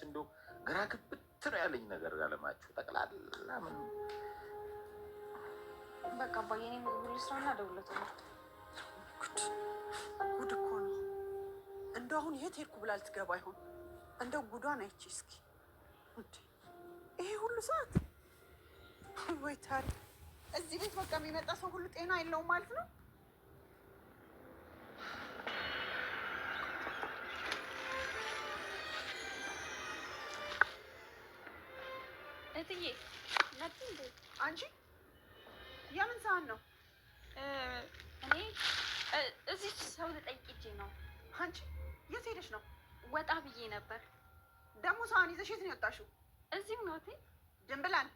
በነገራችን እንደ ግራ ግብት ነው ያለኝ ነገር ያለማችሁ ጠቅላላ ምን በቃ ባየኔ ምግብ ልስራና ደውለቶ ጉድ እኮ ነው። እንደ አሁን የት ሄድኩ ብላ ልትገባ ይሆን? እንደው ጉዷን አይቼ እስኪ ይሄ ሁሉ ሰዓት ወይ ታዲያ እዚህ ቤት በቃ የሚመጣ ሰው ሁሉ ጤና የለውም ማለት ነው። እትዬ መጥ እንዴ አንቺ የምን ሰዓት ነው? እኔ እዚህ ሰው ልጠይቅ ነው። አንቺ የት ሄደሽ ነው? ወጣ ብዬ ነበር። ደግሞ ሰዓት ይዘሽ የት ነው የወጣሽው? እዚሁ ነው እቴ። ድንብላል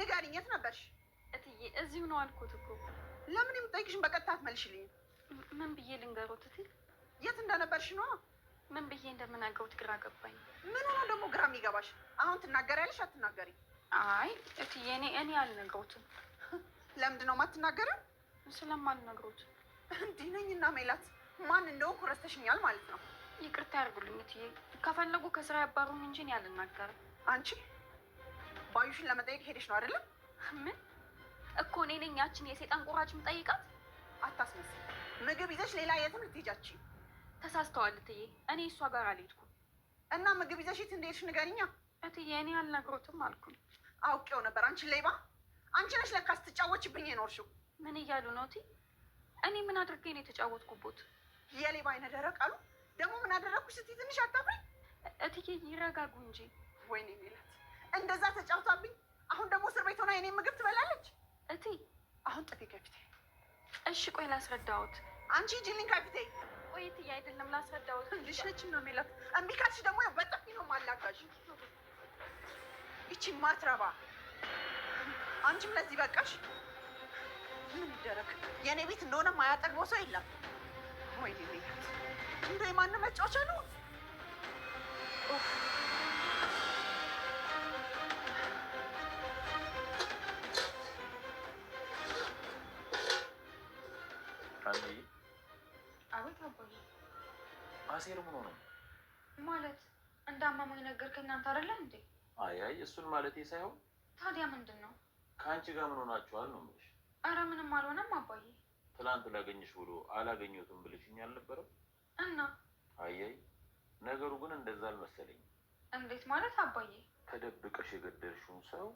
ንገሪኝ፣ የት ነበርሽ? እትዬ እዚሁ ነው አልኩት እኮ። ለምን የምጠይቅሽን በቀጥታ አትመልሽልኝም? ምን ብዬ ልንገሩት እቴ? የት እንደነበርሽ ነዋ። ምን ብዬ እንደምናገሩት ግራ ገባኝ። ምን ሆኖ ደግሞ ግራ የሚገባሽ? አሁን ትናገሪያለሽ አትናገሪም? አይ እትዬ እኔ እኔ አልነግሮትም። ለምንድን ነው የማትናገረው? ስለማልነግሮት እንዲህ ነኝ እና ሜላት ማን እንደሆንኩ ረስተሽኛል ማለት ነው። ይቅርታ ያርጉልኝ እትዬ። ከፈለጉ ከስራ ያባሩኝ እንጂ እኔ አልናገርም። አንቺ ባዩሽን ለመጠየቅ ሄደሽ ነው አይደለም? ምን እኮ እኔ ነኝ ያችን የሴጣን ቁራጭ ምጠይቃት። አታስመስል። ምግብ ይዘሽ ሌላ የትም ልትሄጃች። ተሳስተዋል እትዬ። እኔ እሷ ጋር አልሄድኩም እና ምግብ ይዘሽ የት እንደሄድሽ ንገሪኛ እትዬ። እኔ አልነግሮትም አልኩኝ። አውቄው ነበር። አንቺ ሌባ፣ አንቺ ነሽ ለካ ስትጫወችብኝ የኖርሽው። ምን እያሉ ነው እቴ? እኔ ምን አድርጌ ነው የተጫወትኩቦት? የሌባ አይነ ደረቅ አሉ። ደግሞ ምን አደረግኩሽ ስትይ ትንሽ አታፍሪ? እትዬ ይረጋጉ እንጂ። ወይኔ የሚላት እንደዛ ተጫውታብኝ። አሁን ደግሞ እስር ቤት ሆና የኔ ምግብ ትበላለች። እቴ አሁን ጥፊ ከፊቴ። እሺ ቆይ ላስረዳውት። አንቺ ጅሊን ከፊቴ ቆይ እትዬ፣ አይደለም ላስረዳውት። ልሽነችን ነው የሚላት። እምቢ ካልሽ ደግሞ በጥፊ ነው ማላጋሽ ይቺ ማትረባ አንቺም ለዚህ በቃሽ። ምን ይደረግ፣ የእኔ ቤት እንደሆነ ማያጠግበው ሰው የለም። ወይ እንደ የማንም መጫወቻ ነው። አሴር ምን ነው ማለት እንዳማማኝ ነገር ከእናንተ አይደለም እንዴ? አያይ እሱን ማለቴ ሳይሆን። ታዲያ ምንድን ነው? ከአንቺ ጋር ምን ሆናችኋል ነው የምልሽ። አረ ምንም አልሆነም አባዬ። ትላንት ላገኝሽ ብሎ አላገኘሁትም ብልሽኝ አልነበረም? እና አያይ ነገሩ ግን እንደዛ አልመሰለኝም። እንዴት ማለት አባዬ? ተደብቀሽ የገደልሽውን ሰው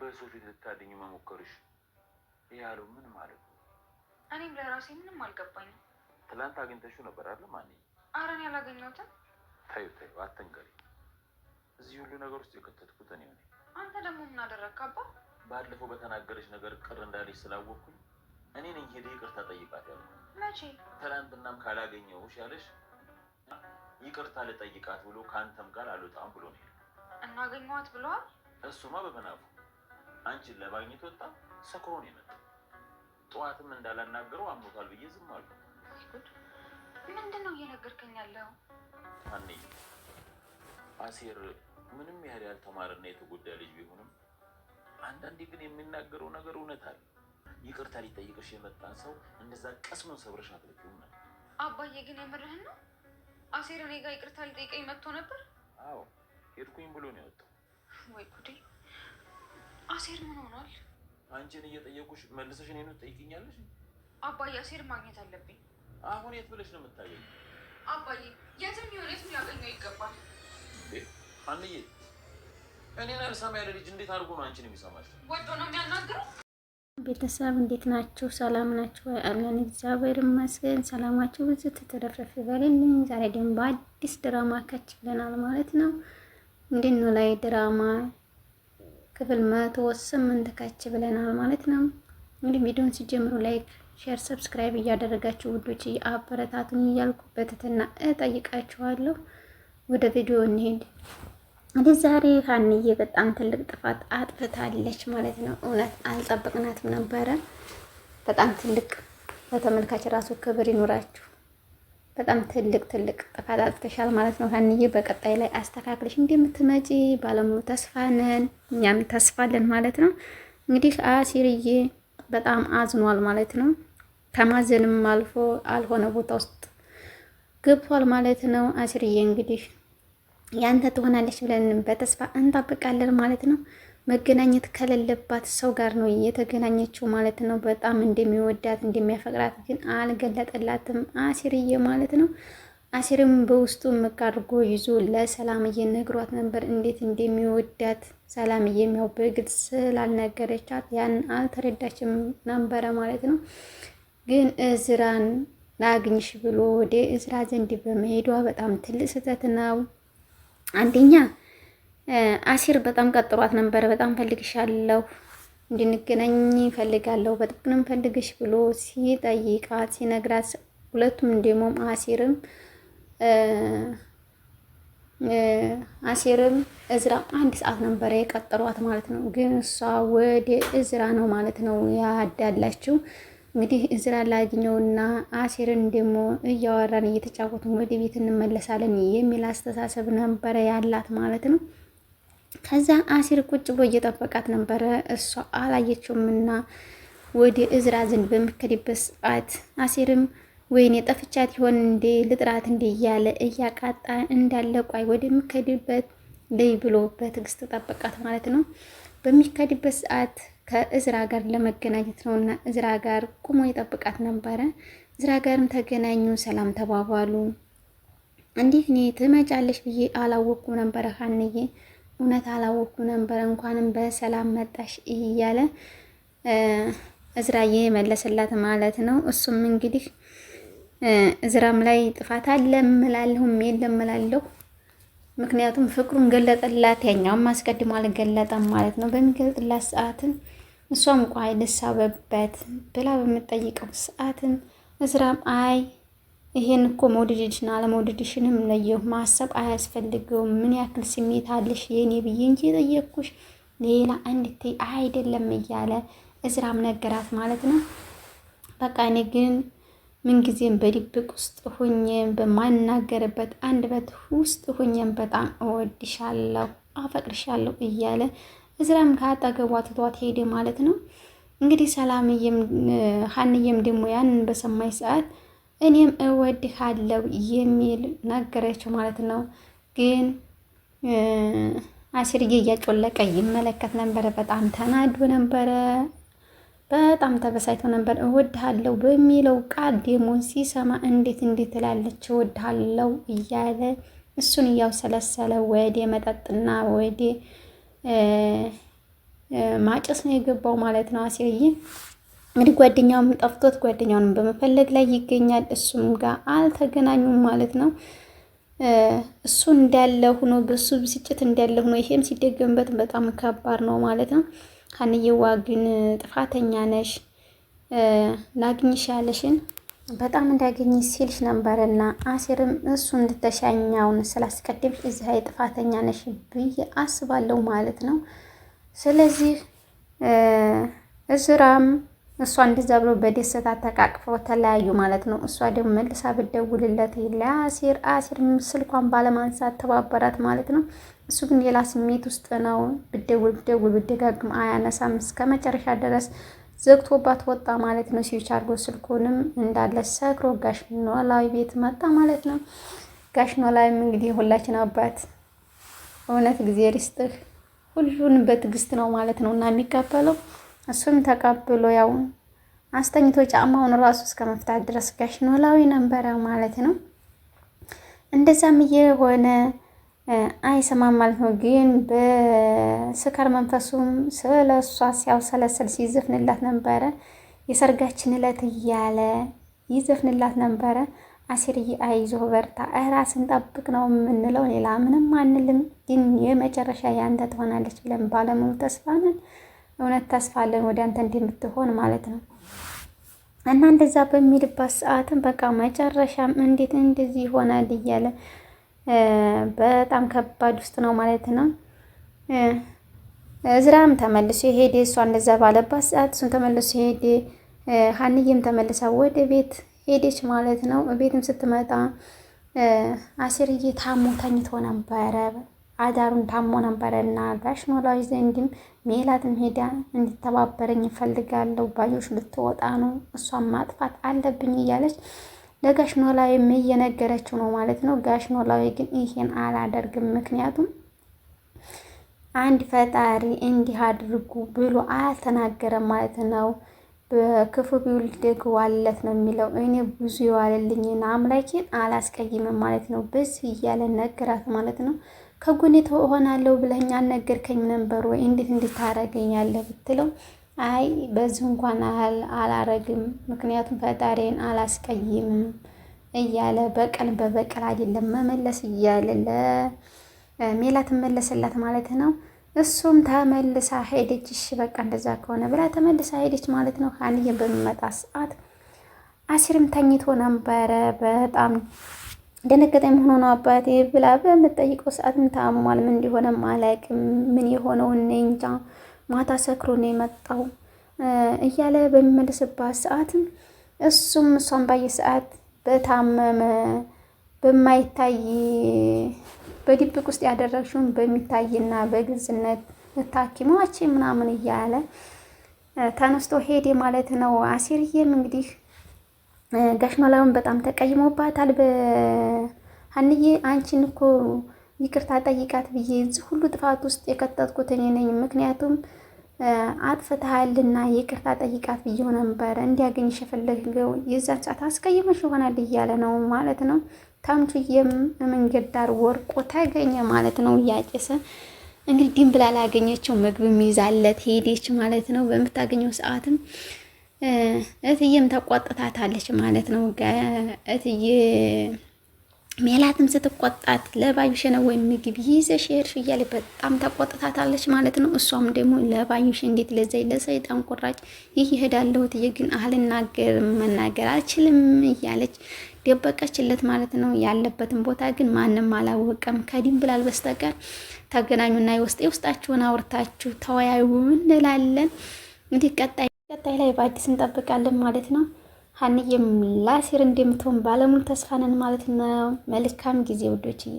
በሰው ፊት ልታድኝ መሞከርሽ ያለው ምን ማለት ነው? እኔም ለራሴ ምንም አልገባኝም። ትላንት አግኝተሽው ነበር አይደል? ማንኛውም አረን ያላገኘሁትም። ተይው ተይው፣ አትንገሪኝ እዚህ ሁሉ ነገር ውስጥ የከተትኩት እኔ ነኝ። አንተ ደግሞ ምን አደረግክ አባ? ባለፈው በተናገረች ነገር ቅር እንዳለች ስላወቅኩኝ እኔ ነኝ ሄደ ይቅርታ ጠይቃታለሁ። መቼ? ትናንትናም ካላገኘሁሽ ያለሽ ይቅርታ ልጠይቃት ብሎ ከአንተም ጋር አልወጣም ብሎ ነው እናገኘዋት ብለዋል። እሱማ በመናፉ አንቺን ለማግኘት ወጣ ሰክሮን የመጣ ጠዋትም እንዳላናገረው አሞታል ብዬ ዝም አሉ። ምንድን ነው እየነገርከኝ ያለው? አሴር ምንም ያህል ያልተማረና የተጎዳ ልጅ ቢሆንም አንዳንዴ ግን የሚናገረው ነገር እውነት አለ። ይቅርታ ሊጠይቅሽ የመጣን ሰው እንደዛ ቀስሞን ሰብረሽ አትለቂውም ነበር። አባዬ ግን የምርህን ነው? አሴር እኔ ጋር ይቅርታ ሊጠይቀኝ መጥቶ ነበር። አዎ ሄድኩኝ ብሎ ነው ያወጣው። ወይ ጉዴ! አሴር ምን ሆኗል? አንቺን እየጠየቁሽ መልሰሽ እኔን ትጠይቅኛለሽ? አባዬ አሴር ማግኘት አለብኝ። አሁን የት ብለሽ ነው የምታገኝ? አባዬ የትም የሆነ የትም ሊያገኘው ይገባል። አንዬ እኔን አልሰማ ያለ ልጅ እንዴት አድርጎ ነው አንቺን የሚሰማሽ? ነው የሚያናግረው። ቤተሰብ እንዴት ናችሁ? ሰላም ናችሁ? አለን እግዚአብሔር ይመስገን። ሰላማችሁ ብዙ ተተረፈረፈ ይበልልኝ። ዛሬ ደግሞ በአዲስ ድራማ ከች ብለናል ማለት ነው። እንዴት ነው ላይ ድራማ ክፍል መቶ ስምንት ከች ብለናል ማለት ነው። እንግዲህ ቪዲዮን ሲጀምሩ ላይክ፣ ሼር፣ ሰብስክራይብ እያደረጋችሁ ውዶች አበረታቱን እያልኩ በትህትና እጠይቃችኋለሁ። ወደ ቪዲዮ እንሄድ። እንግዲህ ዛሬ ሀንዬ በጣም ትልቅ ጥፋት አጥፍታለች ማለት ነው። እውነት አልጠበቅናትም ነበረ። በጣም ትልቅ በተመልካች ራሱ ክብር ይኖራችሁ። በጣም ትልቅ ትልቅ ጥፋት አጥፍተሻል ማለት ነው ሀንዬ። በቀጣይ ላይ አስተካክለሽ እንደምትመጪ ባለሙሉ ተስፋ ነን፣ እኛም ተስፋለን ማለት ነው። እንግዲህ አሲርዬ በጣም አዝኗል ማለት ነው። ከማዘንም አልፎ አልሆነ ቦታ ውስጥ ገብቷል ማለት ነው። አሲርዬ እንግዲህ ያንተ ትሆናለች ብለን በተስፋ እንጠብቃለን ማለት ነው። መገናኘት ከሌለባት ሰው ጋር ነው እየተገናኘችው ማለት ነው። በጣም እንደሚወዳት እንደሚያፈቅራት ግን አልገለጠላትም አሲርዬ ማለት ነው። አሲርም በውስጡ ምቅ አድርጎ ይዞ ለሰላምዬ ነግሯት ነበር እንዴት እንደሚወዳት። ሰላምዬም ያው በግልጽ ስላልነገረቻት ያን አልተረዳችም ነበረ ማለት ነው። ግን እዝራን ላግኝሽ ብሎ ወደ እዝራ ዘንድ በመሄዷ በጣም ትልቅ ስህተት ነው። አንደኛ አሲር በጣም ቀጥሯት ነበር። በጣም ፈልግሻለሁ፣ እንድንገናኝ ፈልጋለሁ፣ በጥቅንም ፈልግሽ ብሎ ሲጠይቃት ሲነግራት፣ ሁለቱም እንዲሞም አሲርም አሲርም እዝራ አንድ ሰዓት ነበረ የቀጠሯት ማለት ነው። ግን እሷ ወደ እዝራ ነው ማለት ነው ያዳላችው። እንግዲህ እዝራ ላግኘውና አሴርን ደግሞ እያወራን እየተጫወትን ወደ ቤት እንመለሳለን የሚል አስተሳሰብ ነበረ ያላት ማለት ነው። ከዛ አሴር ቁጭ ብሎ እየጠበቃት ነበረ። እሷ አላየችውምና ወደ እዝራ ዘንድ በምከድበት ሰዓት አሴርም ወይኔ ጠፍቻት ይሆን እንዴ ልጥራት እንዴ እያለ እያቃጣ እንዳለ ቋይ ወደምከድበት ልይ ብሎ በትዕግስት ጠበቃት ማለት ነው። በሚከድበት ሰዓት ከእዝራ ጋር ለመገናኘት ነው እና እዝራ ጋር ቁሞ ይጠብቃት ነበረ። እዝራ ጋርም ተገናኙ፣ ሰላም ተባባሉ። እንዴት እኔ ትመጫለሽ ብዬ አላወቅኩ ነበረ ሀንዬ፣ እውነት አላወቅኩ ነበረ፣ እንኳንም በሰላም መጣሽ እያለ እዝራዬ መለስላት ማለት ነው። እሱም እንግዲህ እዝራም ላይ ጥፋት አለ እምላለሁም የለም እላለሁ ምክንያቱም ፍቅሩን ገለጠላት፣ ያኛውም አስቀድሞ አልገለጠም ማለት ነው። በሚገልጥላት ሰዓትን እሷም ቋይ ልሳበበት ብላ በምጠይቀው ሰዓትም እዝራም አይ ይሄን እኮ መውደድሽን አለመውደድሽንም ለየሁ ማሰብ አያስፈልገውም። ምን ያክል ስሜት አለሽ የእኔ ብዬ እንጂ የጠየቅኩሽ ሌላ እንድትይ አይደለም እያለ እዝራም ነገራት ማለት ነው። በቃ እኔ ግን ምንጊዜም በድብቅ ውስጥ ሁኜም በማናገርበት አንድ በት ውስጥ ሁኜም በጣም እወድሻለሁ፣ አፈቅርሻለሁ እያለ እዝራም ከአጠገቧ ትቷት ሄደ ማለት ነው። እንግዲህ ሰላምዬም ሀንዬም ደግሞ ያንን በሰማኝ ሰዓት እኔም እወድሃለሁ የሚል ነገረችው ማለት ነው። ግን አሲርዬ እያጮለቀ ይመለከት ነበረ። በጣም ተናዶ ነበረ። በጣም ተበሳይቶ ነበር። እወድሃለሁ በሚለው ቃል ደግሞ ሲሰማ እንዴት እንዴት ትላለች እወድሃለሁ እያለ እሱን እያው ሰለሰለ ወደ መጠጥና ወደ ማጨስ ነው የገባው ማለት ነው። አሲርዬ እንግዲህ ጓደኛውም ጠፍቶት ጓደኛውንም በመፈለግ ላይ ይገኛል። እሱም ጋር አልተገናኙም ማለት ነው። እሱ እንዳለ ሆኖ በሱ ብስጭት እንዳለ ሆኖ ይሄም ሲደገምበት በጣም ከባድ ነው ማለት ነው። ሀንዬዋ ግን ጥፋተኛ ነሽ ላግኝሽ ያለሽን በጣም እንዳገኝ ሲልሽ ነበር እና አሲርም እሱ እንድተሻኛውን ስላስቀድምሽ እዚህ ላይ ጥፋተኛ ነሽ ብዬ አስባለሁ ማለት ነው። ስለዚህ እዝራም እሷ እንደዛ ብሎ በደስታ ተቃቅፈው ተለያዩ ማለት ነው። እሷ ደግሞ መልሳ ብደውልለት ለአሲር አሲር ስልኳን ባለማንሳት ተባበራት ማለት ነው። እሱ ግን ሌላ ስሜት ውስጥ ነው። ብደውል ብደውል ብደጋግም አያነሳም እስከ መጨረሻ ድረስ ዘግቶባት ወጣ ማለት ነው። ሲዊች አድርጎ ስልኩንም እንዳለ ሰክሮ ጋሽ ኖላዊ ቤት መጣ ማለት ነው። ጋሽ ኖላዊም እንግዲህ ሁላችን አባት እውነት ጊዜ ሪስጥህ ሁሉን በትዕግስት ነው ማለት ነው እና የሚቀበለው እሱም ተቀብሎ ያው አስተኝቶ ጫማውን ራሱ እስከ መፍታት ድረስ ጋሽ ኖላዊ ነበረ ማለት ነው። እንደዛም እየሆነ አይሰማም ማለት ነው። ግን በስካር መንፈሱም ስለ እሷ ሲያውሰለስል ሲዘፍንላት ነበረ። የሰርጋችን እለት እያለ ይዘፍንላት ነበረ። አሴርዬ አይዞህ በርታ፣ እራስን ጠብቅ ነው የምንለው፣ ሌላ ምንም አንልም። ግን የመጨረሻ ያንተ ትሆናለች ብለን ባለሙሉ ተስፋ ነን። እውነት ተስፋ አለን ወደ አንተ እንደምትሆን ማለት ነው። እና እንደዛ በሚልባት ሰዓትም በቃ መጨረሻም እንዴት እንደዚህ ይሆናል እያለ በጣም ከባድ ውስጥ ነው ማለት ነው። እዝራም ተመልሶ ሄደ። እሷ እንደዛ ባለባት ሰዓት እሱን ተመልሶ ሄደ። ሀንዬም ተመልሳ ወደ ቤት ሄደች ማለት ነው። ቤትም ስትመጣ አሴርዬ ታሞ ተኝቶ ነበረ። አዳሩን ታሞ ነበረ እና ጋሽ ኖላዊ ዘንድም ሜላትም ሄዳ እንዲተባበረኝ ይፈልጋለሁ፣ ባዮች ልትወጣ ነው፣ እሷን ማጥፋት አለብኝ እያለች ለጋሽ ኖላዊም እየነገረችው ነው ማለት ነው። ጋሽ ኖላዊ ግን ይሄን አላደርግም፣ ምክንያቱም አንድ ፈጣሪ እንዲህ አድርጉ ብሎ አልተናገረም ማለት ነው። በክፉ ቢውል ደግ ዋለት ነው የሚለው። እኔ ብዙ የዋለልኝን አምላኬን አላስቀይምም ማለት ነው። በዚህ እያለ ነገራት ማለት ነው። ከጎኔ እሆናለሁ ብለኸኝ አልነገርከኝም ነበር ወይ? እንዴት እንዲታረገኛለህ ብትለው አይ በዚህ እንኳን አህል አላረግም፣ ምክንያቱም ፈጣሪን አላስቀይምም እያለ በቀን በበቀል አይደለም መመለስ እያለ ለሜላት መለሰላት ማለት ነው። እሱም ተመልሳ ሄደች። እሺ በቃ እንደዛ ከሆነ ብላ ተመልሳ ሄደች ማለት ነው። ሀንዬን በሚመጣ ሰዓት አሲርም ተኝቶ ነበረ። በጣም ደነገጠ። ሆኖ ነው አባቴ ብላ በምጠይቀው ሰዓትም ታሟል። ምን እንዲሆነም አላውቅም። ምን የሆነውን እንጃ ማታ ሰክሮ ነው የመጣው እያለ በሚመልስባት ሰዓት እሱም እሷን ባየ ሰዓት በታመመ በማይታይ በድብቅ ውስጥ ያደረግሽውን በሚታይና በግልጽነት ታኪማች ምናምን እያለ ተነስቶ ሄዴ ማለት ነው። አሲርዬም እንግዲህ ጋሽ ኖላዊን በጣም ተቀይሞባታል። በሀንዬ አንቺን እኮ ይቅርታ ጠይቃት ብዬ እዚህ ሁሉ ጥፋት ውስጥ የከተትኩት እኔ ነኝ ምክንያቱም አጥፍተሃልና ይቅርታ ጠይቃት ብዬው ነበረ እንዲያገኝ የፈለገው የዛን ሰዓት አስቀይመሽ ይሆናል እያለ ነው ማለት ነው። ታምቹዬም መንገድ ዳር ወርቆ ተገኘ ማለት ነው እያጨሰ እንግዲህ ድም ብላ ላገኘችው ምግብ ይዛለት ሄደች ማለት ነው። በምታገኘው ሰዓትም እትዬም ተቆጥታታለች ማለት ነው እትዬ ሜላትም ስትቆጣት ለባዩሽ ነው ወይ ምግብ ይዘሽ ሄድሽ እያለ በጣም ተቆጥታታለች ማለት ነው። እሷም ደግሞ ለባዩሽ እንዴት ለዘይ ለሰይጣን ቁራጭ ይህ ይሄዳለሁት ግን አልናገር መናገር አልችልም እያለች ደበቀችለት ማለት ነው። ያለበትን ቦታ ግን ማንም አላወቀም ከዲም ብላል በስተቀር ተገናኙና የውስጥ የውስጣችሁን አውርታችሁ ተወያዩ እንላለን። እንዲህ ቀጣይ ቀጣይ ላይ በአዲስ እንጠብቃለን ማለት ነው። ሀንዬም ላሲር እንደምትሆን ባለሙሉ ተስፋ ነን ማለት ነው። መልካም ጊዜ ውዶችዬ።